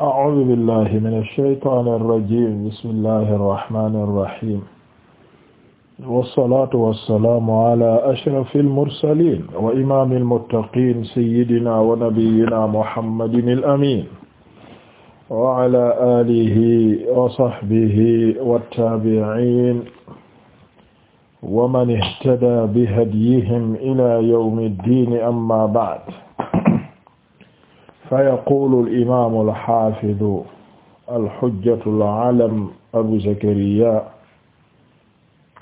أعوذ بالله من الشيطان الرجيم بسم الله الرحمن الرحيم والصلاة والسلام على أشرف المرسلين وإمام المتقين سيدنا ونبينا محمد الأمين وعلى آله وصحبه والتابعين ومن اهتدى بهديهم إلى يوم الدين أما بعد fa yaqulu al-imaamu al-haafidu al-hujjatu al-alam abu zakariya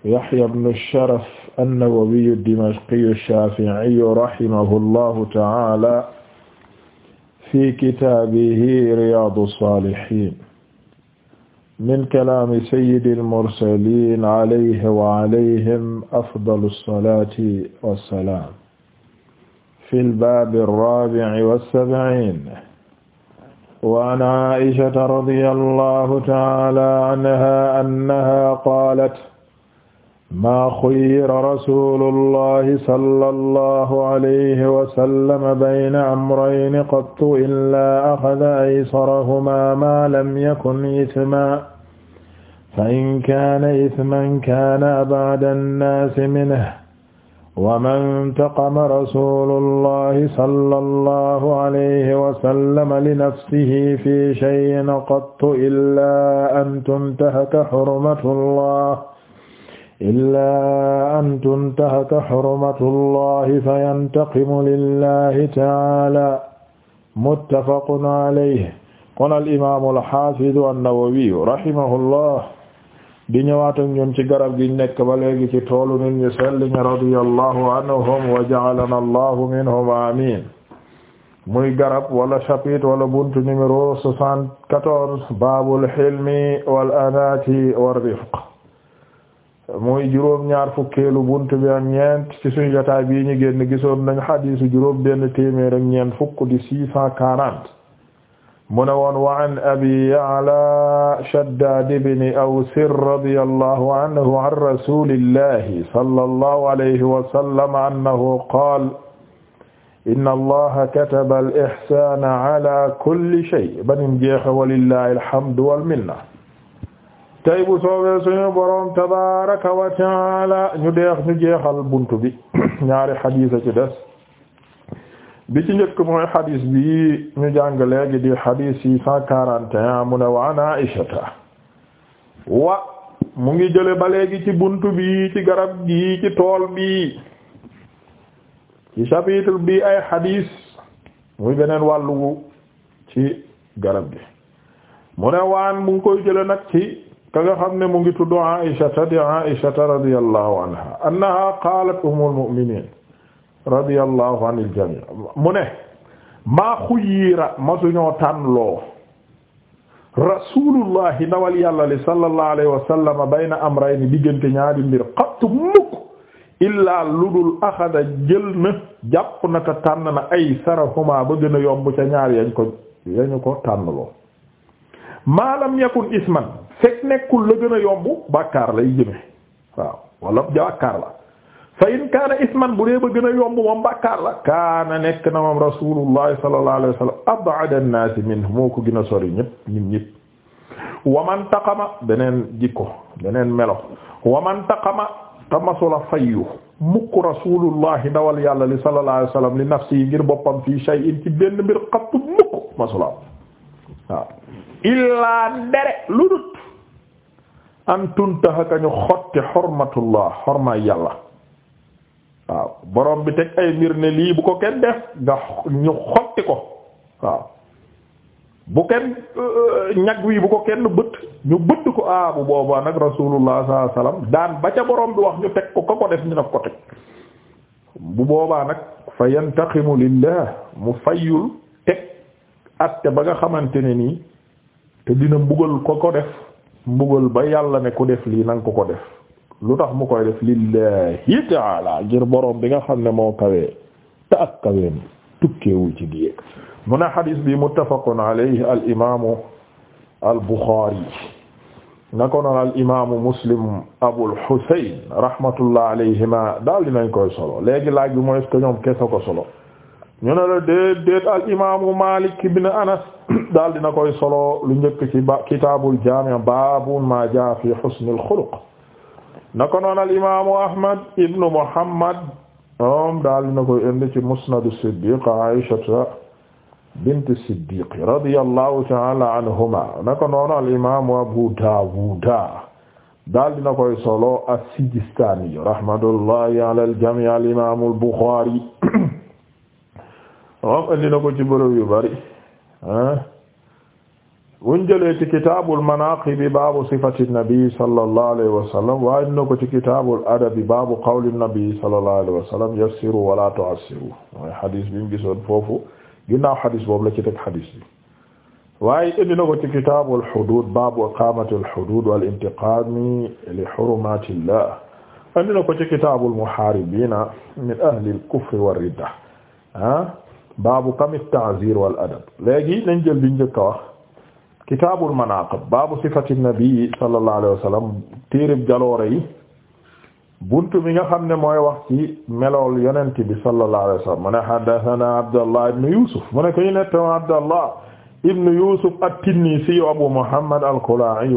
yahya ibnu sharaf an-nawawiyu ad-dimashqiyu ash-shaafi'iyu rahimahu llahu ta'aala fi kitaabihi riyaadu saalihiin min kalaami sayyidil mursaliin alayhi wa alayhim afdalu salaati wa salaam في الباب الرابع والسبعين وعن عائشة رضي الله تعالى عنها أنها قالت ما خير رسول الله صلى الله عليه وسلم بين أمرين قط إلا أخذ أيسرهما ما لم يكن إثما فإن كان إثما كان أبعد الناس منه waman taqama rasulullahi sallallahu alayhi wa sallam li nafsihi fi shay'in qattu illaa an tuntahaka hurmatullah illaa an tuntahaka hurmatullahi fayantaqimu lillahi ta'aala muttafaqun alayhi qaala al-imaamu al-haafidu an-nawawiyu rahimahullah di ñëwaat ak ñun ci garab gi nekk ba léegi ci toolu nit ñu sell ñi radiyallahu anhum wa ja'alana allahu minhum amin muy garab wala chapitre wala buntu numéro soixante-quatorze baabul hilmi wal anati war rifq muy juróom-ñaar fukkeelu buntu bi ak ñeent ci suñu jotaay bii ñu génn gisoon nañ hadiisu juróom benn téeméer ñeent fukk di six cent quarante mu ne woon wa an abi ya'la shaddad ibn aws radiyallahu anhu an rasulillahi sallallahu alayhi wa sallam annahu qaala inna allaha kataba al-ihsaana ala kulli shay banim jeexe walillahi alhamdu wal minna tey bu soobee suñu boroom tabaraka wa taala ñu deex ñu jeexal buntu bi ñaari hadiis ci des bi ci njëkk mooy xadis bi ñu jàng léegi di xadis six cent quarante mu ne wa an Aïshata wa mu ngi jële ba léegi ci bunt bi ci garab gi ci tool bi ci chapitre bi ay xadis muy beneen wàllu ci garab gi mu ne waan mu ngi koy jële nag ci ka xam ne mu ngi tudd Aïshata di Aïshata radiyallahu anha annaha qalat ummul mu'minin radiyallahu anil jami mu ne maa xuyiira ma suñoo tànnloo rasulullahi ndawal yàlla li sallallahu alayhi wa sallam bayna amrayni diggante ñaari mbir xattu mukk illaa ludul axada jël na jàpp na te tànn na ay sarahuma ba gën a yomb ca ñaar yañ ko yañu ko tànnloo maalam yakun isman fekk nekkul la gën a yomb bàkkaar lay jëme waaw wala bàkkaar la fa in kaana isman bu dee ba gën a yomb moom bàkkaar la kaana nekk na moom rasulullah sallallahu alayhi wa sallam ab'ada an-naas minhu moo ko gën a sori ñëpp ñun ñëpp waman taqama beneen jikko beneen melo waman taqama tamasula fayyu mukk rasulullahi ndawal yàlla li sallallahu alayhi wa sallam li nafsi yi ngir boppam fii shay'in ci benn mbir xattu mukk masula waaw illaa ndere lu dut an tuntaha ka ñu xotti xormatullah xormaay yàlla waaw borom bi teg ay mbir ne lii bu ko kenn def nga ñu xotti ko waaw bu kenn euh, ñag wi bu ko kenn bët ñu bëtt ko ah bu boobaa nag rasulullah sallallahu alayhi daan ba ca borom bi wax ñu teg ko ko def ñu ne ko teg bu boobaa nag fa yantaqimu lillah mu fayyul teg atte ba nga xamante ne nii te dina mbugal ko ko def mbugal ba yàlla ne ku def lii nanga ko ko def lu tax mu koy def lillahi taala ngir borom bi nga xam ne moo kawee te ak kaweem tukkeewul ci diyeeg mu ne xadis bi muttafaqun alayhi al imaamu al buxaari na ko noon muslim abul husayn rahmatullah alayhima daal dinañ koy solo léegi laaj bi mooy est-ce que ñoom ko solo malik ibn anas daal dina koy solo lu njëkk ci ba kitaabul jaami' baabu ma jaa fi husnil xuluq na ko noon al imaamu ahmad ibnu muhammad moom daal na koy indi ci musnadu siddiqa aishata bint siddiqi radiyallahu ta'ala anhuma na ko noon al imaamu abu daawuda daal dina koy solo as-Sijistani rahmatullahi ala al-jami' al-imam al-Bukhari moom indi na ci bërëb yu bari buñ jëlee ci kitaabul manaaqibi baabu sifati nabi sallallahu alayhi wa sallam waaye dina ko ci kitaabul adabi baabu qawli nabi sallallahu alayhi wa sallam yassiru wala tu'assiru mooy xadis bi mu gisoon foofu ginnaaw xadis boobu la ci teg xadis bi waaye indi na ko ci kitaabul xuduud baabu iqaamatil xuduud wal intiqaami li xurumaatillah indi na ko ci kitaabul muhaaribiina min ahlil kufri war ridda ah baabu kam at-ta'ziir wal adab léegi nañ jël biñ njëkk a wax. kitaabul manaaqib baabu sifati nabii sallallahu alayhi wa sallam téereb jaloore yi buntu mi nga xam ne mooy wax ci melool yonent bi sallallahu alayhi wa sallam mu ne haddathana Abdallah ibn Yusuf mu ne koy nette Abdallah ibn Yusuf at-Tinnisi Abu Muhammad al-Kala'i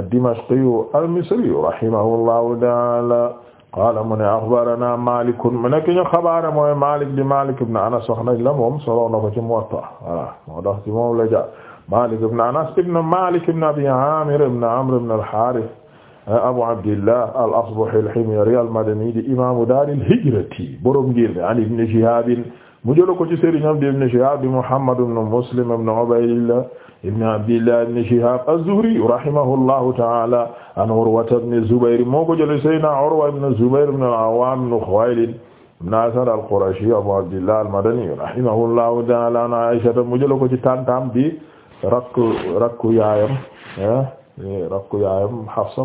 ad-Dimashqi al-Misri rahimahullahu ta'ala qaala mu ne axbarana Maalik mu nekk ñu xabaar mooy Maalik di Maalik ibn Anas wax nañ la moom solo na ko ci Muwatta voilà moo tax ci moom la jaar Malik ibn Anas ibn Malik ibn Abi Amir ibn Amr ibn al-Harith Abu Abdillah al-Asbahi al-Himyari al-Madani di imaamu daar al-hijrati borom ngir an Ibn Shihab mu jël ko ci sëriñam di Ibn Shihab Muhammad ibn Muslim ibn Ubaydillah ibn Abdillah ibn Shihab az-Zuhri rahimahullahu ta'ala an Urwa ibn Zubayr moo ko jël Sayyidina Urwa ibn Zubayr ibn al-Awwam ibn Khuwaylid ibn Asad al-Qurashi Abu Abdillah al-Madani rahimahullahu ta'ala an Aisha mu jël ko ci tantam bi rakk rakk yaayam eh, rakk yaayam Hafsa eh,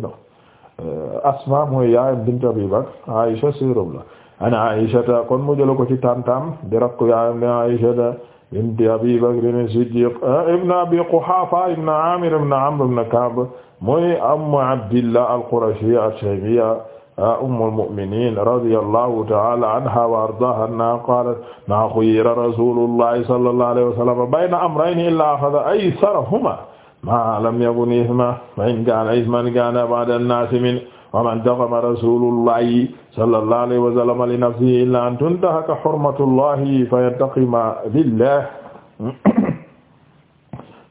eh, mooy yaayam bint Abi Bakr Aisha seeram la an Aisha kon mu jël ko ci tantam di rakk yaayam ne Aisha bint Abi Bakr as-Siddiq ibn Abi Quhafa ibn Amir ibn Amr ibn Ka'b mooy Ummu Abdillah al-Qurashiyya ash-Shaybiyya أم المؤمنين رضي الله تعالى عنها وأرضاها أنها قالت ما خير رسول الله صلى الله عليه وسلم بين أمرين إلا أخذ أيسرهما ما لم يكن إثما فإن كان إثما كان بعد الناس منه وما انتقم رسول الله صلى الله عليه وسلم لنفسه إلا أن تنتهك حرمة الله فينتقم لله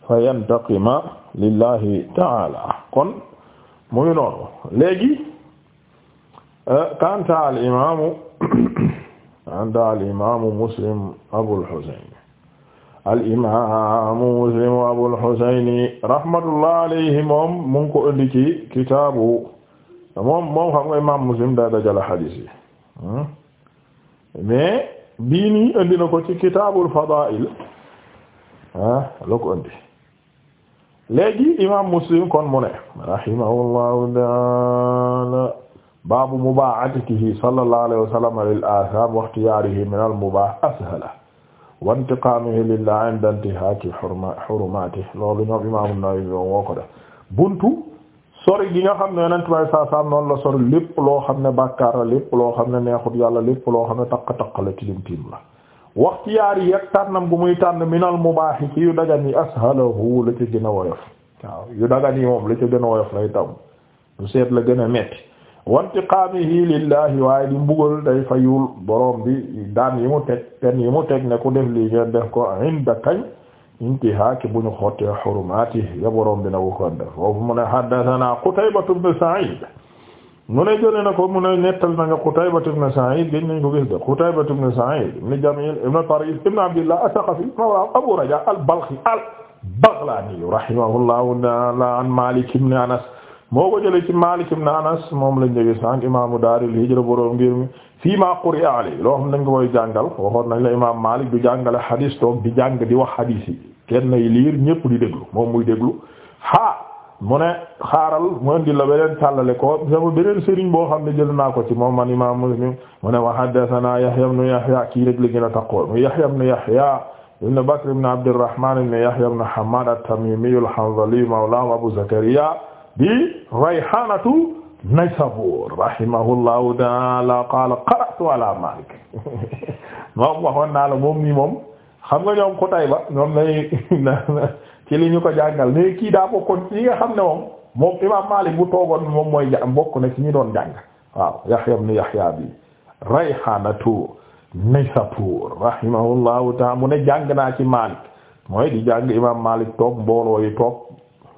فينتقم لله تعالى kon muy noonu léegi Eh, kanta al imaamu kanta al imaamu muslim abul husayn al imaamu muslim abul husayn rahmatullah alayhi moom mu ngi ko indi ci kitaabu moom muslim daa dajale hadiis yi hmm? mais bii na ko ci kitaabul fadaa'il ah la ko indi léegi muslim kon mu ne rahimahullahu ta'ala baabu mubaa'atihi sallallahu alayhi wa sallam lil aasaar wa ixtiyaarihi min al mubaah ashala wa intiqaamihi lillaah inda intihaaki hurumaatihi loolu ñoom Imaam An-Nawawi woo ko def buntu sori gi nga xam ne Yonent bi saa saa noonu la sori lépp loo xam ne bàkkaar la lépp loo xam ne neexut yàlla lépp loo xam ne taq-taq la tilim tilim la wa ixtiyaarihi ak tànnam gu muy tànn min al mubaah ci yu dagan yi ashalahu la ca gën a woyof waaw yu dagan yi moom la ca gën a woyof lay taw lu seet la gën a metti wantiqaamihi lillahi waaye di mbugal day fayul borom bi daan yi mu teg ten yi mu teg ne ku def lii ngeen def ko inda kañ intihaaki bu ñu xottee xurumaati ya borom bi na ko kon def foofu mu ne haddathana Qutaybatu ibn Sa'id mu ne jëlee na ko mu ne na nga Qutaybatu ibn Sa'id gën nañ ko gis de Qutaybatu ibn Sa'id ibn Jamil Abu Raja al-Balkhi al-Baghlani rahimahullahu ta'ala an Malik ibn Anas moo ko jëlee ci Maalik ibn Anas moom lañ jóge sànq imaamu daaril hijra boroom ngir mi fii maa quri'a alayhi loo xam nañ ko koy jàngal waxoon nañ la imaam Maalik du jàngale xadiis toog di jàng di wax xadiis yi kenn yi liir ñëpp di déglu moom muy déglu haa mu ne xaaral mu indi la beneen tàllale ko sama beneen sëriñ boo xam ne jël naa ko ci moom man imaam Muslim mu ne wa a Yahya ibn Yahya kii rek la gën a taqoo mu Yahya ibn Yahya ibn Bakr ibn Abdirrahmaan ibn Yahya ibn Hammaad al-Hanzali di rayhanatu naysabur rahimahullahu taala qala qara'tu ala malik moom waxoon naa la moom nii moom xam nga ñoom Qutayba ñoom lay ki li ñu ko jàngal mais kii daa bokkoon ci nga xam ne moom moom imam Malik bu toogoon moom mooy bokk na ci ñi doon jàng waaw Yahya ibn Yahya mu ne jàng naa ci Malik mooy di jàng imam Malik toog mbooloo yi toog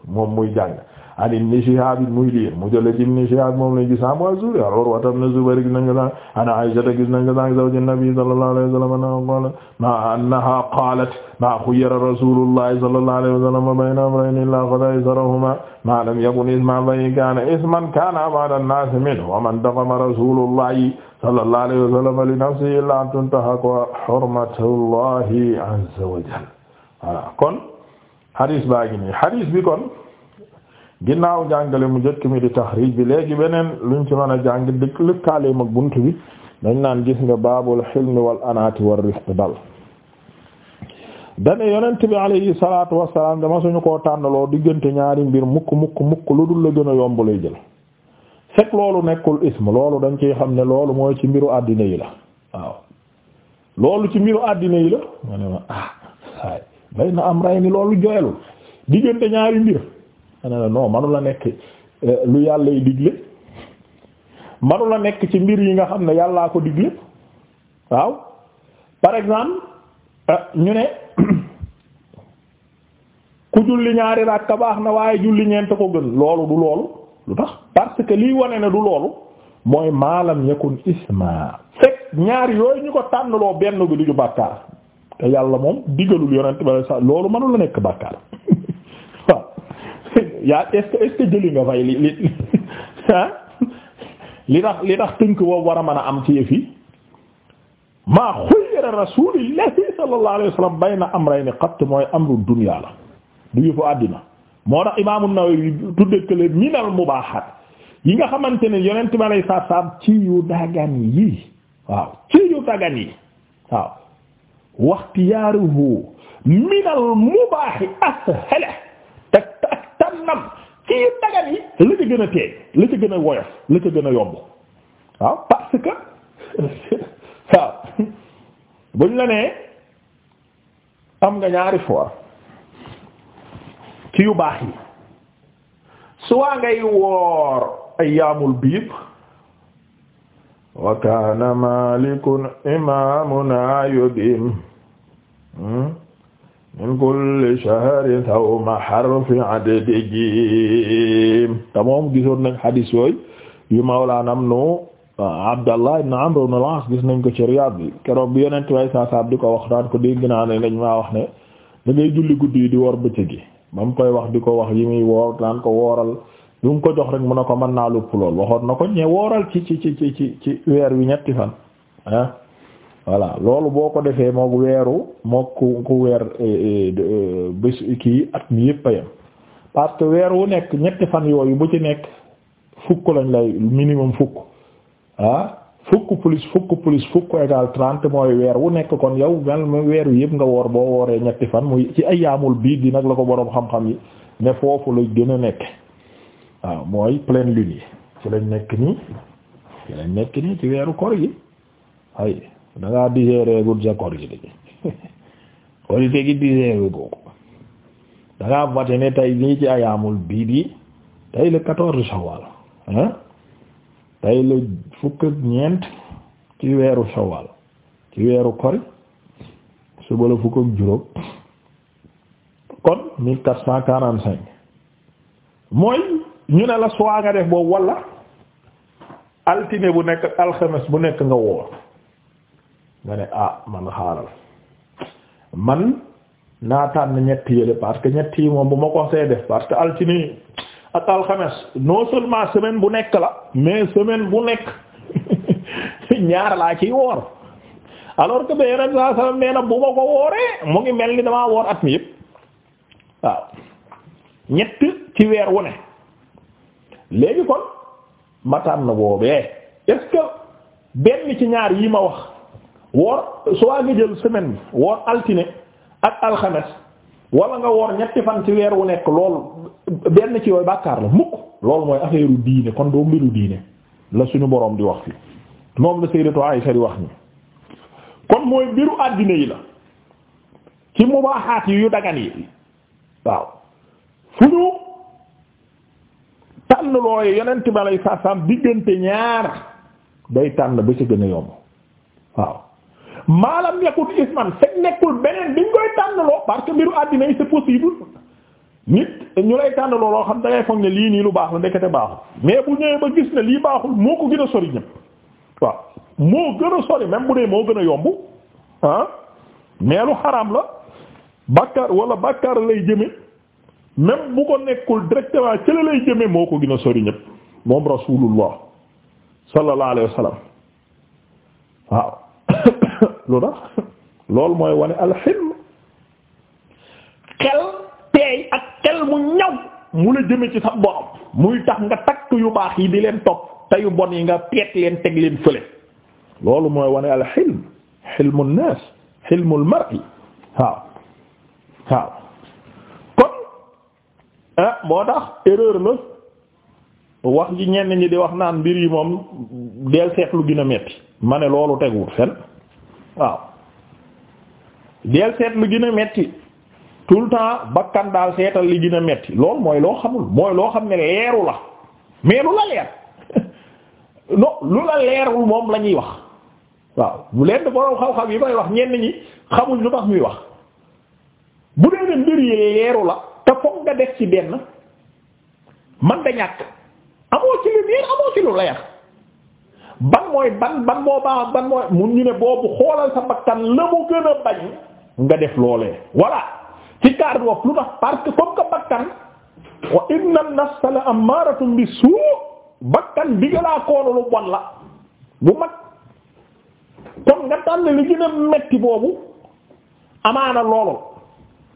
moom muy jàng an ibn Shihab muy liir mu jële ci ibn Shihab moom lañ gis am wa Zuhri Urwa ibn Zubayr gis nañ ko sànq an Aisha gis nañ ko sànq zawj an-nabi sallallahu alayhi wa sallam annaha qalat ma khayyara rasulullahi sallallahu alayhi wa sallam bayna amrayni illa akhadha aysarahuma ma lam yakun isman fa in kana isman kana ba'da an-nas minhu wa man dagama rasulullahi sallallahu alayhi wa sallam li nafsihi illa an tuntahaka hurmatullahi azza wa jalla voilà kon hadis baa ngi nii hadis bi kon ginnaaw jàngale mu njëkk mi di taxriij bi léegi beneen luñ ci mën a jàng dëkk lëkkaaleem ak bunt bi dañ naan gis nga baabul xilmi wal anaati war rifq dal dane yonent bi alayhi salaatu wassalaam dama suñu ko tànnaloo diggante ñaari mbir mukk mukk mukk lu dul la gën a yomb lay jël fekk loolu nekkul ism loolu dañ ciy xam ne loolu mooy ci mbiru àddina yi la waaw loolu ci mbiru àddina yi la ma ne ma ah bay na am ray ni loolu joyelul diggante ñaari mbir ana la non la nekk eh, lu yàlla yi digle manu nekk ci mbir yi nga xam ne yàllaa ko digle waaw par exemple eh, ñu ne ku julli ñaari ràkka baax na waaye julli ñeent ko gën loolu du loolu lu tax parce que liy wane ne du loolu mooy maalam yakun isma fekk ñaar yooyu ñu ko tànnloo benn bi du ju bàkkaar te yàlla moom digalul yonent ba sa loolu mënu la nekk bàkkaar yaa est-ce que jëli nga fay li li ah li tax li tax tënk boobu war a mën a am ci yëf yi maa xuyira rasulillahi sallallahu alayhi wa sallam bayna amrayni qatt mooy amru dunya la du yëfu àddina moo tax imaamu Nawawi tudde kële minal mubaahaat yi nga xamante ne yonent bi alayhi salaam ci yu dagan yi waaw ci yu dagan yi waaw waxtiyaaruhu minal mubaahi ashala jahannam ci yu dagan yi la ca gën a teey la ca gën a woyof la ca gën a yomb waaw parce que waaw buñ la nee am nga ñaari fois ci yu baax yi suwaa ngay woor ayyaamul biid wa kaana maalikun imaamuna yudim min kulli shahrin sawma harfi adadihi te moom gisoon nag hadis yooyu yu mawlaanam nu ah, Abdallah ibn Amr ibn al-As gis nañ ko ci Riyad bi keroog bi yonent way saa saab di ko wax daan ko dégg naa ne dañ maa wax ne da ngay julli guddi yi di woor bëccëg gi ba mu koy wax di ko wax yi muy woor daan ko wooral lu mu ko jox rek mun ne ko mën naa lupp lool waxoon na ko ñe wooral ci ci ci ci ci ci weer wi ñetti fan ah voilà loolu boo ko defee mook weeru mook ku ku weer eh, eh, eh, bés kii at mi yëpp a yem parce que weer wu nekk ñetti fan yooyu bu ci nekk fukk lañ lay minimum fukk ah fukk plus fukk plus fukk égal trente mooy weer wu nekk kon yow mel mu weer wi yëpp nga woor boo wooree ñetti fan muy ci ay yaamul biir di nag la ko boroom xam-xam yi ne foofu lañ gën a nekk waaw ah, mooy pleine lune yi ci lañ nekk nii ci lañ nekk nii ci weeru kor yi da ngaa digéré gud sa koor gi de nii ci ayaamul bii bi tey le quatorze shawal hein tey fukk ak ñeent ci weeru shawal ci weeru kori suba la fukk ak juróom kon mille quatre cent quarante cinq mooy ñu ne la soit nga def boobu wala altine bu nekk alxames bu nekk nga woor nga ne ah man xaaral man naa tànn ñett yële parce que ñetti yi moom bu ma ko see def parce que altine ak alxames non seulement semaine bu nekk la mais semaine bu nekk ñaar laa ciy woor alors que ba yeneen saa salaam na bu ma ko wooree mu ngi mel ni damaa woor at mi yëpp ñett ci weer wu léegi kon ma tànn boobee est-ce que benn ci ñaar yii ma wax. woor su waa nga jël semaine bi woor altine ak alxames wala nga woor ñetti fan ci weer wu nekk lool benn ci yooyu bàkkaar la mukk loolu mooy affaire diine kon doo mbiru diine la suñu boroom di wax fi moom la sayyidatu Aisha di kon mooy mbiru àddina yi la ci mubaaxaat yi yu dagan yi waaw fu ñu tànn looy yonent bi alayhi salaam diggante ñaar day tànn ba ca gën a yomb waaw maalam yakut isman fekk nekkul beneen biñ koy tànnaloo parce mbiru àddina yi c'est possible nit ñu lay tànnaloo loo xam da ngay foog ne lii nii lu baax la ndekete baaxul mais bu ñëwee ba gis ne lii baaxul moo ko gën a sori ñëpp waaw moo gën a sori même bu dee moo gën a yomb ah xaram la bàkkaar wala bàkkaar lay jëme même bu ko nekkul directement ci la lay jëme moo ko gën a sori ñëpp moom rasulullah sallallahu alayhi waaw lu loolu mooy wane alxilm xel teey ak xel mu ñaw mu la jëme ci sa borom muy tax nga takk yu baax yi di leen topp te yu bon yi nga teet leen teg leen fële loolu mooy wane alxilm xilmu naas xilmul mar'i waaw waaw kon ah moo tax erreur la wax ji ñenn ñi di wax naan mbir yi moom del seetlu gën a metti ma ne loolu teguwul fen waaw deel seet lu gën a metti tout le temps bakkan daal seetal li gën a metti loolu mooy loo xamul mooy loo xam ne leeru la mais lu la leer lu la leerul moom la ñuy wax waaw bu leen boroom xam-xam yi koy wax ñenn ñi xamul lu tax ñuy wax bu dee ne mbir yi leeru la te foog nga def ci benn man da ñàkk amoo ci lu amoo ci lu leer ban mooy ban ban moo baax ban mooy mun ñu ne boobu xoolal sa bakkan la mu gën a bañ nga def loolee voilà ci kaar bi lu tax parce que comme que bakkan wa inna an-nafsa la ammaratun bis-suu' bakkan diggalaa koonu lu bon la bu mag kon nga tànn li gën a metti boobu amaana loolu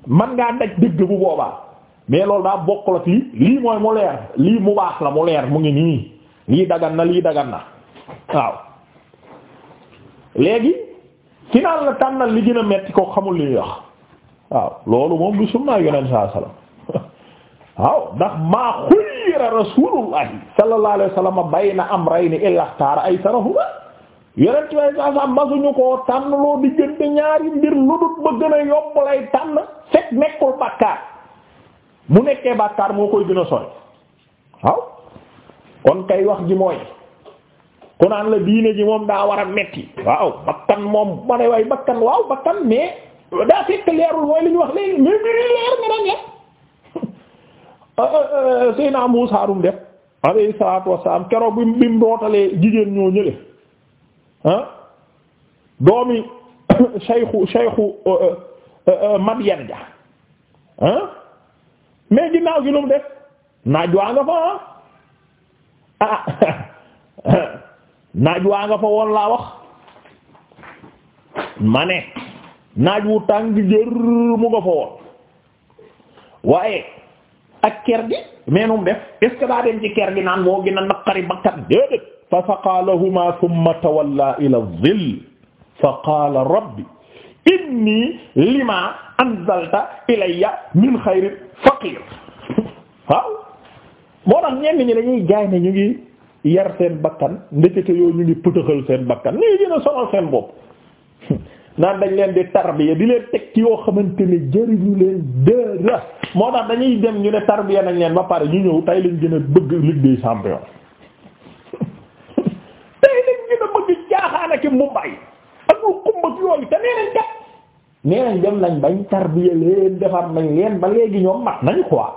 man ngaa daj dëgg bu boobaa mais loolu daa bokk la ci lii mooy mu leer lii mu baax la mu leer mu ngi nii lii dagan na lii dagan na waaw léegi final la tànnal li gën a metti ko xamul li ñuy wax waaw loolu moom du sunnaa yonent saa salaam waaw ndax maa xuyyira rasuulullahi sallallahu alayhi wasallam bayna amrayni saa salaam masuñu koo tànn loo diggante ñaari mbir lu dut ba gën a yomb lay tànn fekk nekkul bàkkaar mu nekkee bàkkaar moo koy gën a waaw kon kay wax ji mooy ku naan la diine ji moom daa war a metti waaw bakkan moom ma ne waay bakkan waaw bakkan mais daa fekk leerul mooy li ñu wax léegi mais nga daan yàq Seydina Muusaa rum def alayhi salaatu wassalaam keroog bi bi mu dootalee jigéen ñoo ñële ah doomi sayxu sayxu Madyan ja ah ginnaaw gi lu def naaj waa nga fa ah, ah naaj waa nga fa laa wax ma ne naaj wu tàng jër mu nga fa ak ker gi mais nu mu dem ci ker gi naan moo gën a naqari bakkan fa saqaa lahumaa thumma ila dhill fa qaala rabbi inni lima anzalta ilayya min xayrin faqiir waaw moo tax ñenn ñi dañuy jaay ne ñu ngi yar seen bakkan ndekete yoo ñu ngi pëtëxal seen bakkan nii gën a sonal seen bopp naan dañ leen di tarbiya di leen teg ci yoo xamante ne jëriñu leen dara moo tax dañuy dem ñu ne tarbiya nañ leen ba pare ñu ñëw tey lañ gën a bëgg Ligue des champions tey lañ gën a bëgg yooyu te nee nañ kat nee nañ dem nañ bañ tarbiya leen defar nañ leen ba léegi ñoom mat nañ quoi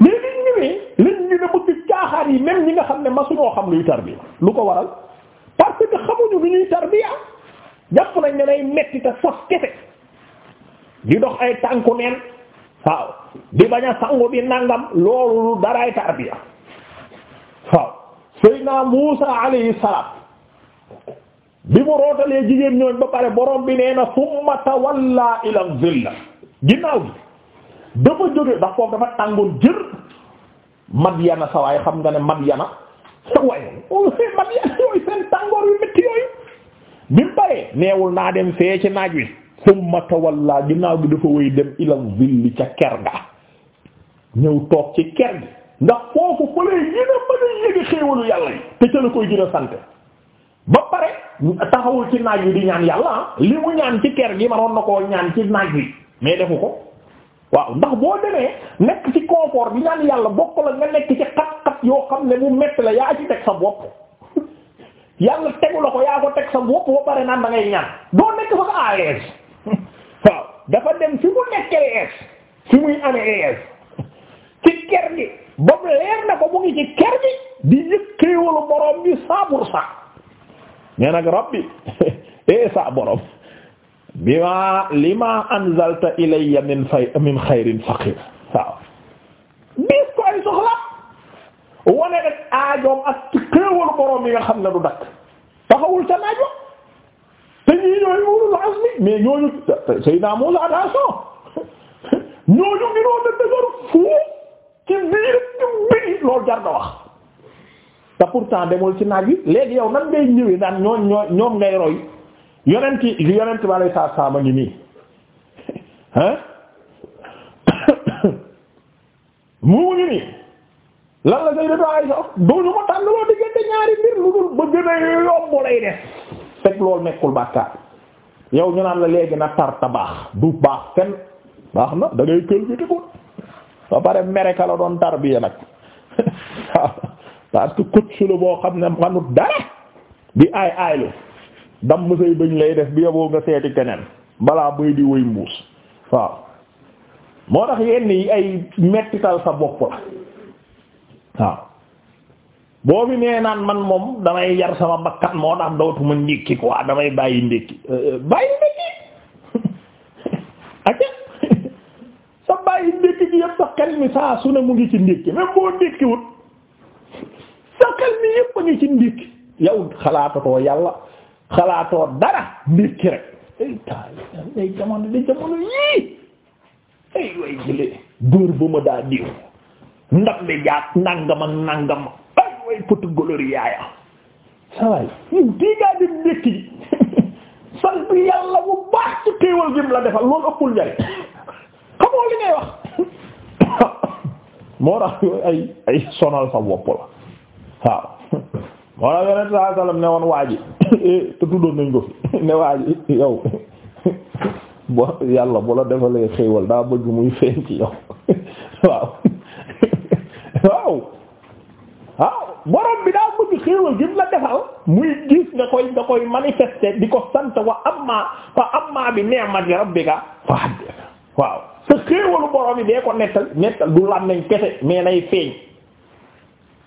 mais liñ ñëwee lañ gën a bëgg xaar yi même ñi nga xam ne masuñoo xam luy tarbiya lu ko waral parce xamuñu lu ñuy tarbiya jàpp nañ ne day metti te saf di dox ay tànku neen waaw di bañ a sangu di nangam loolu daraay tarbiya waaw Seydina Muusa alayhi salaam bi mu rootalee jigéen ñooñ ba pare borom bi nee na summa tawalla ila ginnaaw gi dafa jóge ndax foofu dafa tàngoon jër Madyana sawaay xam nga ne Madyana waaye oh, Madyana yooyu seen tàngoor yu métti yooyu bi mu neewul naa dem fee ci naaj wi summa laa ginnaaw bi dafa wéy dem ilal zilli ca ker ga ñëw toog ci ker gi ndax foofu fa lay gën a mën a yéegi yàlla yi te ca la koy gën a sant ba pare taxawul ci naaj wi di ñaan yàlla ah. li mu ñaan ci ker gi manoon na koo ñaan ci naaj wi mais defu ko waaw ndax boo demee nekk ci confort bi ñaan yàlla bokk la nga nekk ci xat yoo xam ne bu metti la yaa ci teg sa bopp yàlla tegu la ko yaa ko teg sa bopp ba pare naan da ngay ñaan doo nekk fa ko à l'aise waaw dafa dem fi mu nekkee aise fi muy amee aise ci ker gi ba mu leer na ko mu ngi ci ker gi di yëkkeewalu boroom bi cent pour cent mais rabbi eh sa boroom bima lima anzalta ilayya min fay min xayrin faqir waaw bis ko ay soxla wane rek aajoom ak xéewalu boroom yi nga xam ne du dakk taxawul ca naajo te ñii ñooyu ulul azmi mais ñooñu Seydina Muusa attention ñooñu ngi noo da dëgaru fuu ci biir ci mbiri loolu jar na wax te pourtant demul ci naaj wi léegi yow nan ngay ñëwee naan ñoom ngay roy yonenti yonenti ba lay saa saa ma ngi nii hein mu ngi nii lan la Sayyidatu Aisha doo ñu ma tànn loo diggante ñaari mbir lu dul ba gën a yomb lay def fekk loolu nekkul bàkkaar yow ñu naan la léegi na tar ta baax du baax fenn baax na da ngay kël bi ko ba pare mere la doon tarbiya nag waaw parce que coach la boo xam ne manut dara di aay aaylu damm say bëñ lay def bi yoboo nga seeti keneen balaa bëy di woy mbuus waaw moo tax yenn yi ay mettital sa bopp la waaw boo nee naan man moom damay yar sama bakkan moo tax dootuma ndékki quoi damay bàyyi ndékki euh, euh, bàyyi ndékki ak sa bàyyi ndékki gi yëpp sa xel mi saa su ne mu ngi ci ndékki même boo ndékkiwut sa xel mi yëpp a ngi ci ndékki yow xalaatatoo yàlla xalaatoo dara mbir ki rek ay taal day jamono yii ay way jëlee góor ba ma daa diw ndax mi jaat nangam ak nangam ay way potu golori yaaya saway yow tii ngaa dem ndékki ji sant yàlla bu baax ci xéewal gim la defal loolu ëppul njariñ xamoo li ngay wax moo tax yooyu ay ay sonal sa bopp la waaw moo la laa saa sallam ne woon waa ji eh, te tuddoon nañ ko fi ne waa ji yow bo yàlla bu la defalee xéewal daa bëgg muy feeñ ci yow waaw waaw borom bi daa bëgg xéewal gi mu la defal muy gis nga koy nga koy manifester di ko sant wa amma fa amma bi ni'mati rabbika fa hadd waaw sa xéewalu borom yi dee ko nettal nettal du lan nañ kese nay feeñ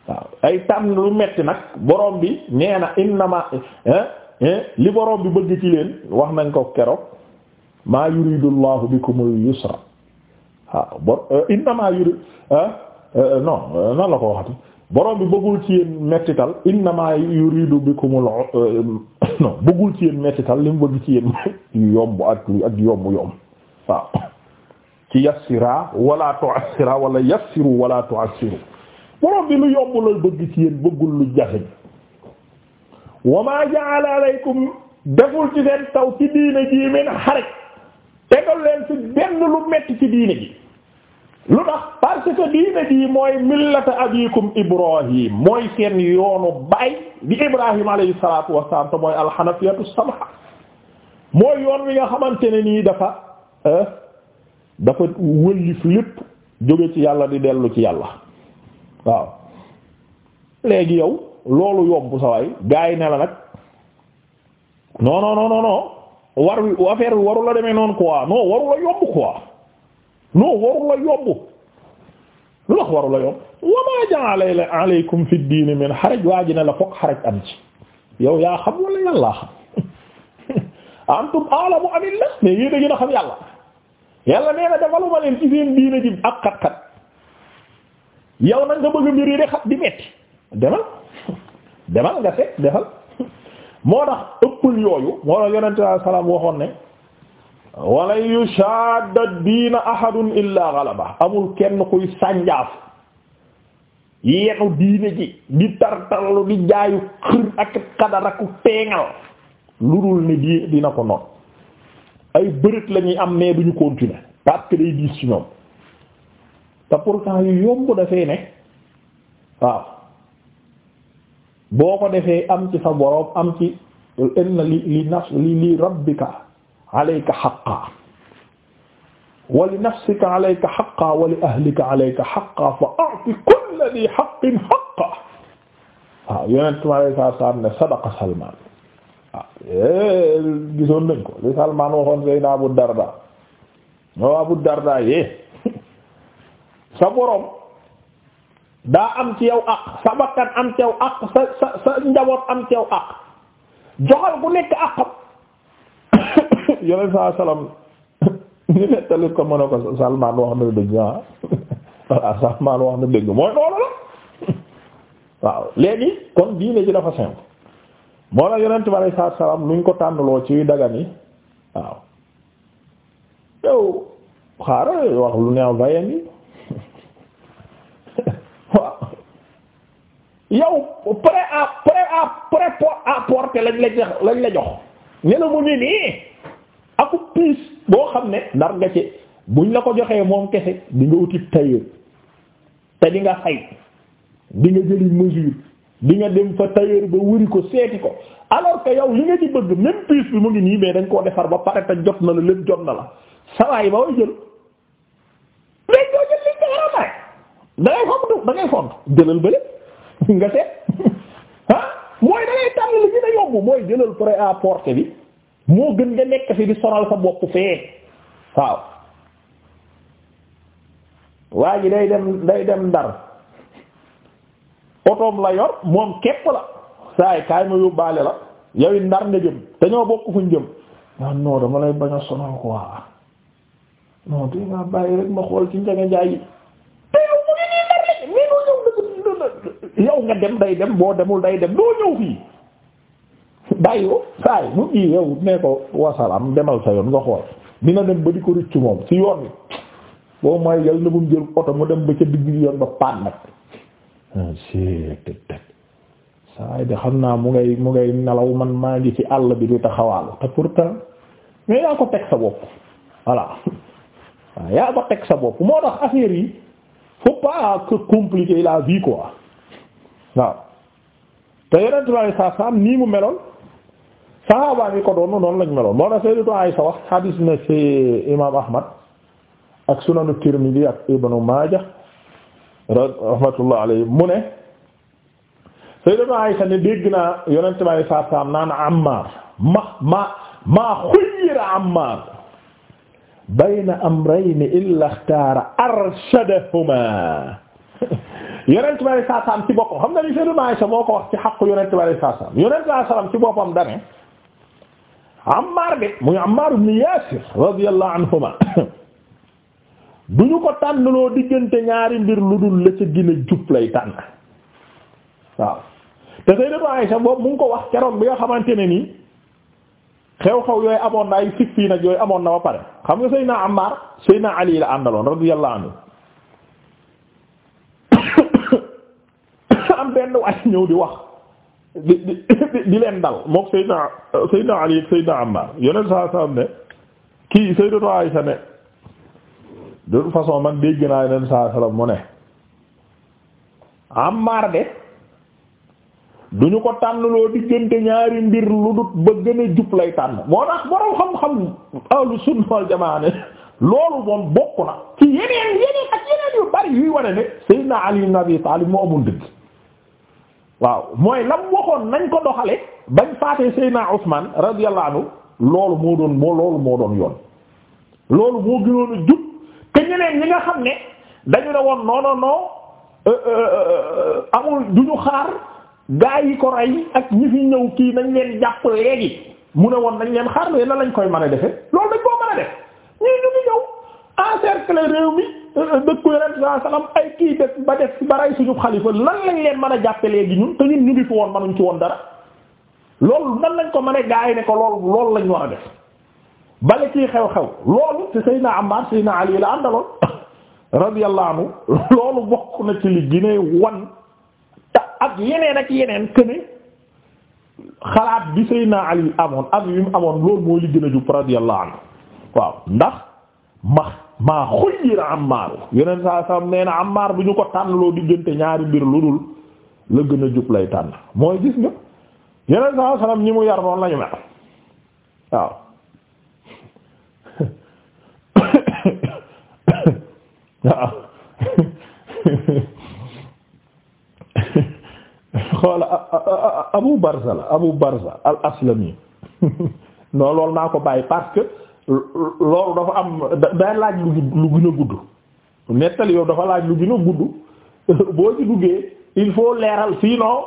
waaw ay tànn lu metti nag borom bi nee na innama li borom bi bëgg ci leen wax nañ ko keroog maa yuridu llahu bikumul yusra waaw euh, euh, euh, la ko waxati borom bi bëggul ci yéen mettital innama yuridu bikumul bëggul ci yéen mettital li mu bëgg ci yéen yomb ak yomb yomb waaw ci yassira wala tu'assira wala yassiru wala tu'assiru borom bi lu yomb la bëgg ci yéen bëggul lu jafe wa maa ja'ala alaykum deful ci seen taw ci diine ji min xaraj tegal leen ci benn lu metti ci diine ji lu tax parce que diine ji mooy millata abikum ibrahim mooy seen yoonu baay bi ibrahim alayhi salaatu wasalaam te mooy alxanafiyatu samha mooy yoon wi nga xamante ne nii dafa eh, dafa wëllif lépp jóge ci yàlla di dellu ci yàlla waaw léegi yow loolu yomb sa gaa yi ne la nag non non non non war wi affaire bi waru la demee noonu quoi non waru la yomb quoi non waru la yomb lu wax waru yomb wa ma ja'ala alaykum la am ci yow yaa xam wala yàllaa xam antum a'lamu amillah mais yéen a gën a xam yàlla yàlla nee na defaluma leen ci seen diine ji ak xat-xat yow nag nga bëgg mbir yi di xat di metti demal demal nga teg defal moo tax ëppal yooyu moo tax yonente sallallahu alayhi waxoon ne walan yushadda diina ahadun illa ghalaba amul kenn kuy sànjaaf yenu diine ji di tartarlu di jaayu xër ak xadar ak teeŋal lu dul ne di dina ko noon ay bërët lañuy am mais duñu continuer parce que day diis ci ñoom te pourtant yu yomb dafee ne waaw boo ko defee am ci sa boroom am ci inna li li nafs li li rabbika alayka xaqaa wa li nafsika alayka xaqaa wa li ahlika alayka xaqaa fa a'ti kulla di xaqin xaqaa waaw yonent mi alayhi salaatu salaam ne sadaqa Salmaan waaw eh, gisoon nañ ko li Salmaan waxoon Seydina Abu Darda ñoo Abu Darda yee sa borom daa am ci yow ak sa bakkan am ci yow ak sa sa njaboot am ci ak joxal ku nekk akam yoneen saa salaam ñu nettali ko mën a ko Salmaan wax na dëgg ah voilà Salmaan mooy loolu la waaw léegi kon diine ji moo la yonent bi alay salaam luñ ko tànnaloo ci dagan waaw yow xaaral wax lu neew vayen yi yow prêt à prêt à prêt à porter lañ la jox lañ la jox ne la mu ne nii aku piis boo xam ne ndar nga ci buñ la ko joxee moom kese di nga uti tailleur te di nga xay di nga jëli mesure di nga dem fa tailleur ba wëri ko seeti ko alors que yow li nga ci bëgg même piis bi mu ngi nii mais dañ koo defar ba pare te jot na la lépp jot na la sawaay ba way jël mais doo jël liñ ko war a may da ngay font da ngay font jëlal ba lépp nga seet mooy da ngay tànn lu gën a yomb mooy jëlal prêt-à-porter bi moo gën nga nekk fi di sonal sa bopp fee waaw waa ji day dem day dem ndar otoom la yor moom képp la saay kaay ma yóbbaale la yow it ndar nga jëm te ñoo bokk fuñ jëm naan dama lay bañ a sonal quoi non tu nga bàyyi rek ma xool ci njëge njaay yi nga dem day dem boo demul day dem doo ñëw fii bàyyi ko saa yi mu ii yow nee ko demal sa yoon nga xool dina dem ba di ko rëccu moom si yoon wi boo mooy yal na mu jël oto mu dem ba ca digg yoon ba paan nag ah, saa yi de xam naa mu ngay mu ngay nelaw man maa ngi ci àll bi di taxawaalu te pourtant mais yaa ko teg sa bopp voilà yaa ko teg sa bopp moo tax affaire yi faut pas que compliquer la vie quoi waaw te yonent bi alayhi salaam nii mu meloon saxaaba yi ko doon noonu lañ meloon moo tax Sayyidatu Aysa wax xadiis na ci imaam Ahmad ak sunanu Tirmidi ak Ibnu Maaja rahmatullah alayhi mu ne Sayyidatu Aysa ne dégg naa yonent bi alayhi salaam naan Ammaar ma ma maa xuyyira Ammaar bayna amrayni illa ixtaara arshadahumaa yonent bi alayhi salaam ci boppam xam nga ni Sayyidatu Aisha moo ko wax ci xaqu yonent bi alayhi salaam yonent bi alayhi salaam ci boppam dane Ammaar bi mu Ammaar ibn Yaasir radiyallahu anhuma du ñu ko tànnaloo diggante ñaari mbir lu dul la ca gën a jub lay tànn waaw te Sayyidatu Aisha boobu mu ngi ko wax keroog bi nga xamante ne nii xew-xew yooyu amoon na ay fii nag yooyu amoon na ba pare xam nga Sayyidina Ammaar Sayyidina Ali la àndaloon radiyallahu anhu am benn waay ñëw di wax di di leen dal mook Seydina Seydina Ali ak Seydina Ammar yeneen saa saa ne kii Sayyidatu Aisha ne man dégg naa yeneen saa salaam mu ne Ammar de duñu ko tànnloo diggante ñaari mbir lu dut ba gën a jub lay tànn moo tax borom xam-xam ahlu sunna wal loolu moom bokk na ci yeneen yeneen ak yeneen yu bari yuy wane ne Seydina Ali ibn Abi Talib amul dëgg waaw mooy lam waxoon nañ ko doxale bañ faatee Seydina Usman radiyallahu anhu loolu moo doon moo loolu moo doon yoon loolu moo gënoon a jub te ñeneen ñi nga xam ne dañu ne woon non non euh, euh, euh, amul du ñu xaar gaa yi ko rey ak ñi fi ñëw kii nañ leen jàpp léegi mu ne woon nañ leen xaar leen na lañ koy mën a defe loolu dañ koo mën def ñii ñu ngi ñëw encercler réew mi euh, dëkku yonent saa salaam ay kii def ba def ba rey suñu xalifa lan lañ leen mën a jàppe léegi ñun te ñun ñu ngi fi woon manuñ ci woon dara loolu nan lañ ko mën a gaay ne ko loolu loolu lañu wax a def bale kii xew-xew loolu te Seydina Ammar Seydina Ali la àndaloon radiyallahu anhu na ci li ginee wan te ak yeneen ak yeneen këne xalaat bi Seydina Ali amoon am yu mu amoon loolu moo li gën a jub radiyallahu anhu waaw ndax maa xuyyira Ammar yeneen saa sam nee na Ammar bu ñu ko tànnloo diggante ñaari mbir lu dul la gën a jub lay tànn mooy gis nga yeneen saa salaam ñi mu yar noonu lañu mel waaw waaw xoola Abu Barza la Abu Barza al-Aslami non loolu naa ko bàyyi parce que loolu dafa am day laaj lu lu a gudd nettali yow dafa laaj lu gën a gudd boo ci duggee il faut leeral sinon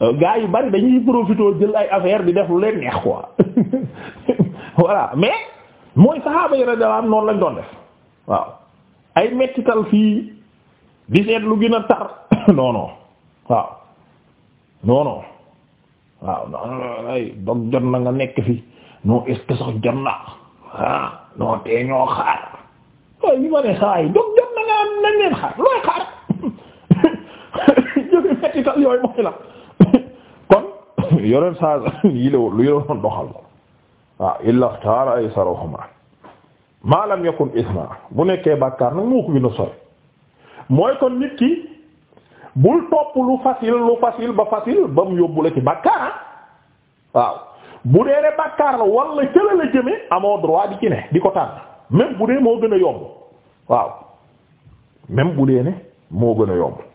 euh, gars yu bari dañuy profitoo jël ay affaire di def lu leen neex quoi voilà mais mooy saxaaba yi radiyallahu anhum noonu lañ doon def waaw ay fii di lu gën a tar non waaw non ay dog jot na nga nekk fi non est que sax jot na ah non tee ñoo xaar waaye li ma ne yooyu mooy la kon yoreen la lu yoroon doxal ko waaw illa xtaara ay sarahuma ma lam yakun isma bu nekkee bàkkaar nag moo ko gën a sori mooy kon nit ki bul topp lu facile lu facile ba facile ba mu yóbbu la ci bàkkaar ah. waaw bu dee ne bàkkaar la wala cëla la jëme amoo droit di ci ne di ko tànn même bu dee moo gën a yomb waaw même bu dee ne moo gën a yomb